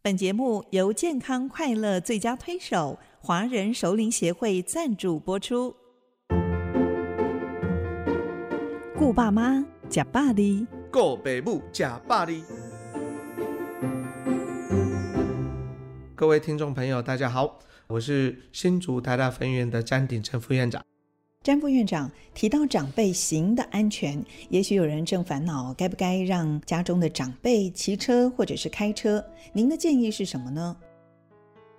本節目由健康快樂最佳推手華人熟齡協會贊助播出。顧爸媽，假爸的，顧爸母，假爸的。各位聽眾朋友，大家好，我是新竹台大分院的詹鼎正副院長。詹副院長提到長輩行的安全，也許有人正煩惱該不該讓家中的長輩騎車或者是開車？您的建議是什麼呢？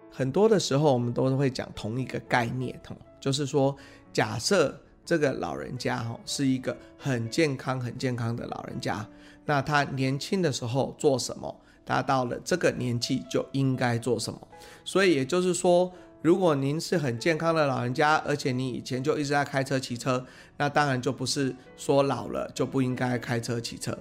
很多的時候我們都會講同一個概念，就是說，假設這個老人家哈是一個很健康、很健康的老人家，那他年輕的時候做什麼，他到了這個年紀就應該做什麼，所以也就是說，如果您是很健康的老人家，而且你以前就一直在開車、騎車，那當然就不是說老了就不應該開車、騎車。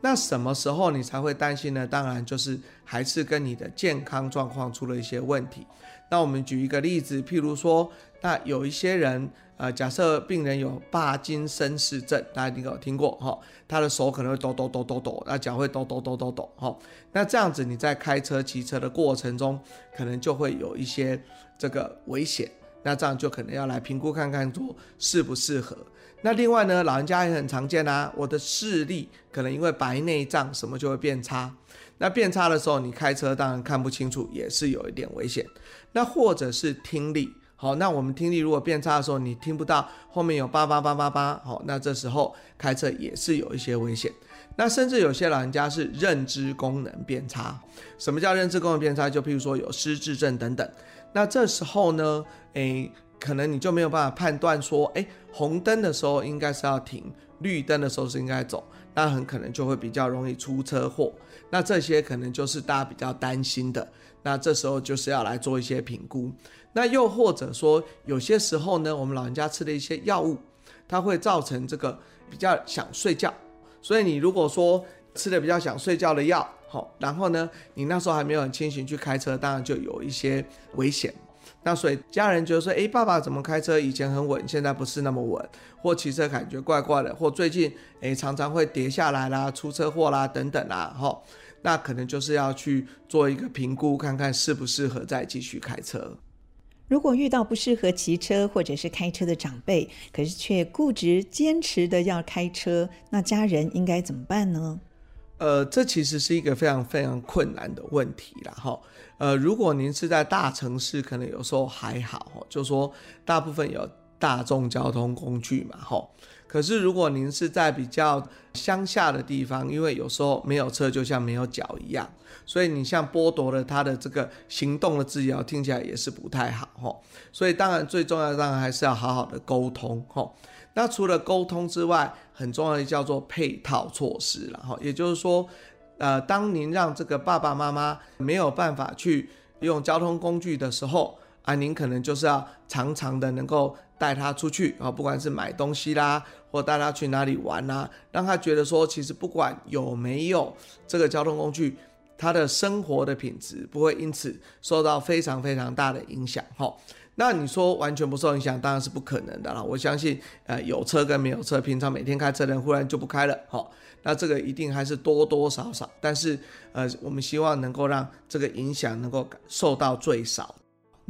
那什麼時候你才會擔心呢？當然就是還是跟你的健康狀況出了一些問題。那我們舉一個例子，譬如說，那有一些人，呃，假設病人有帕金森氏症，大家一定有聽過哈，他的手可能會抖抖抖抖抖，那腳會抖抖抖抖抖哈，那這樣子你在開車騎車的過程中，可能就會有一些這個危險。那這樣就可能要來評估看看，做適不適合。那另外呢，老人家也很常見啊，我的視力可能因為白內障什麼就會變差。那變差的時候，你開車當然看不清楚，也是有一點危險。那或者是聽力，好，那我們聽力如果變差的時候，你聽不到後面有叭叭叭叭叭，好，那這時候開車也是有一些危險。那甚至有些老人家是認知功能變差，什麼叫認知功能變差？就譬如說有失智症等等。那這時候呢，誒、欸，可能你就沒有辦法判斷說，誒、欸，紅燈的時候應該是要停，綠燈的時候是應該走，那很可能就會比較容易出車禍。那這些可能就是大家比較擔心的。那這時候就是要來做一些評估。那又或者說，有些時候呢，我們老人家吃的一些藥物，它會造成這個比較想睡覺。所以你如果說吃了比較想睡覺的藥，好，然後呢，你那時候還沒有很清醒去開車，當然就有一些危險。那所以家人覺得說：“哎，爸爸怎麼開車？以前很穩，現在不是那麼穩，或騎車感覺怪怪的，或最近誒常常會跌下來啦，出車禍啦等等啦。哈，那可能就是要去做一個評估，看看適不適合再繼續開車。”如果遇到不適合騎車或者是開車的長輩，可是卻固執堅持的要開車，那家人應該怎麼辦呢？呃，這其實是一個非常非常困難的問題啦哈。呃，如果您是在大城市，可能有時候還好，哦、就說大部分有大眾交通工具嘛哈。哦可是，如果您是在比較鄉下的地方，因為有時候沒有車就像沒有腳一樣，所以你像剝奪了他的這個行動的自由，聽起來也是不太好哦，所以，當然最重要的當然還是要好好的溝通哦。那除了溝通之外，很重要的叫做配套措施了哈。也就是說，呃，當您讓這個爸爸媽媽沒有辦法去用交通工具的時候。啊，您可能就是要常常的能夠帶他出去啊，不管是買東西啦，或帶他去哪裡玩吶，讓他覺得說，其實不管有沒有這個交通工具，他的生活的品質不會因此受到非常非常大的影響哈。那你說完全不受影響，當然是不可能的了。我相信，呃，有車跟沒有車，平常每天開車的人忽然就不開了哈，那這個一定還是多多少少。但是，呃，我們希望能夠讓這個影響能夠受到最少。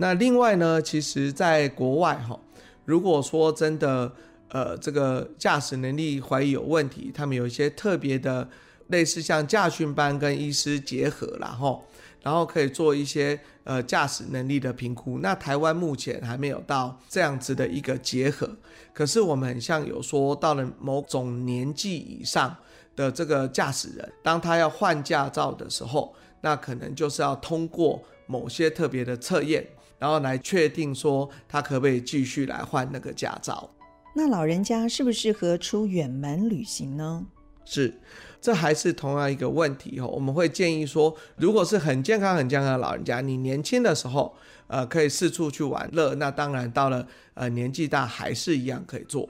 那另外呢，其實，在國外哈，如果說真的，呃，這個駕駛能力懷疑有問題，他們有一些特別的，類似像駕訓班跟醫師結合，然後然後可以做一些，呃，駕駛能力的評估。那台灣目前還沒有到這樣子的一個結合，可是我們很像有說到了某種年紀以上的這個駕駛人，當他要換駕照的時候，那可能就是要通過。某些特別的測驗，然後來確定說他可不可以繼續來換那個駕照。那老人家適不適合出遠門旅行呢？是，這還是同樣一個問題哦。我們會建議說，如果是很健康、很健康的老人家，你年輕的時候，呃，可以四處去玩樂，那當然到了呃年紀大還是一樣可以做。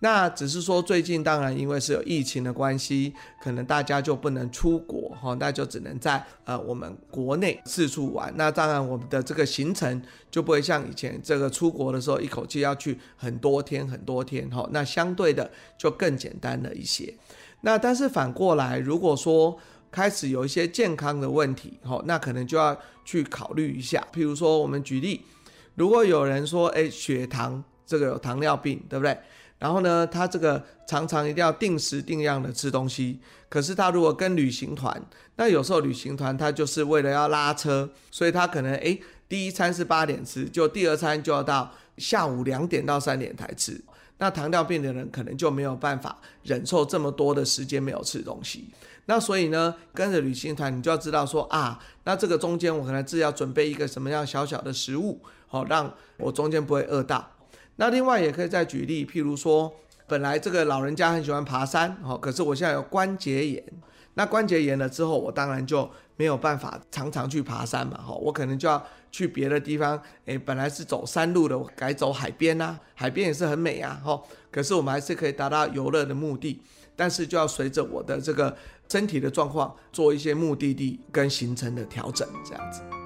那只是說最近當然因為是有疫情的關係，可能大家就不能出國。哦，那就只能在呃我們國內四處玩。那當然，我們的這個行程就不會像以前這個出國的時候，一口氣要去很多天很多天。哈、哦，那相對的就更簡單了一些。那但是反過來，如果說開始有一些健康的問題，哈、哦，那可能就要去考慮一下。譬如說，我們舉例，如果有人說，哎、欸，血糖這個有糖尿病，對不對？然後呢，他這個常常一定要定時定量的吃東西。可是他如果跟旅行團，那有時候旅行團他就是為了要拉車，所以他可能哎，第一餐是八點吃，就第二餐就要到下午兩點到三點才吃。那糖尿病的人可能就沒有辦法忍受這麼多的時間沒有吃東西。那所以呢，跟着旅行團你就要知道說啊，那這個中間我可能自己要準備一個什麼樣小小的食物，好、哦、讓我中間不會餓到。那另外也可以再舉例，譬如說，本來這個老人家很喜歡爬山，哦，可是我現在有關節炎，那關節炎了之後，我當然就沒有辦法常常去爬山嘛，哈、哦，我可能就要去別的地方，誒、欸，本來是走山路的，我改走海邊吶、啊，海邊也是很美啊，哈、哦，可是我們還是可以達到遊樂的目的，但是就要隨着我的這個身體的狀況做一些目的地跟行程的調整，這樣子。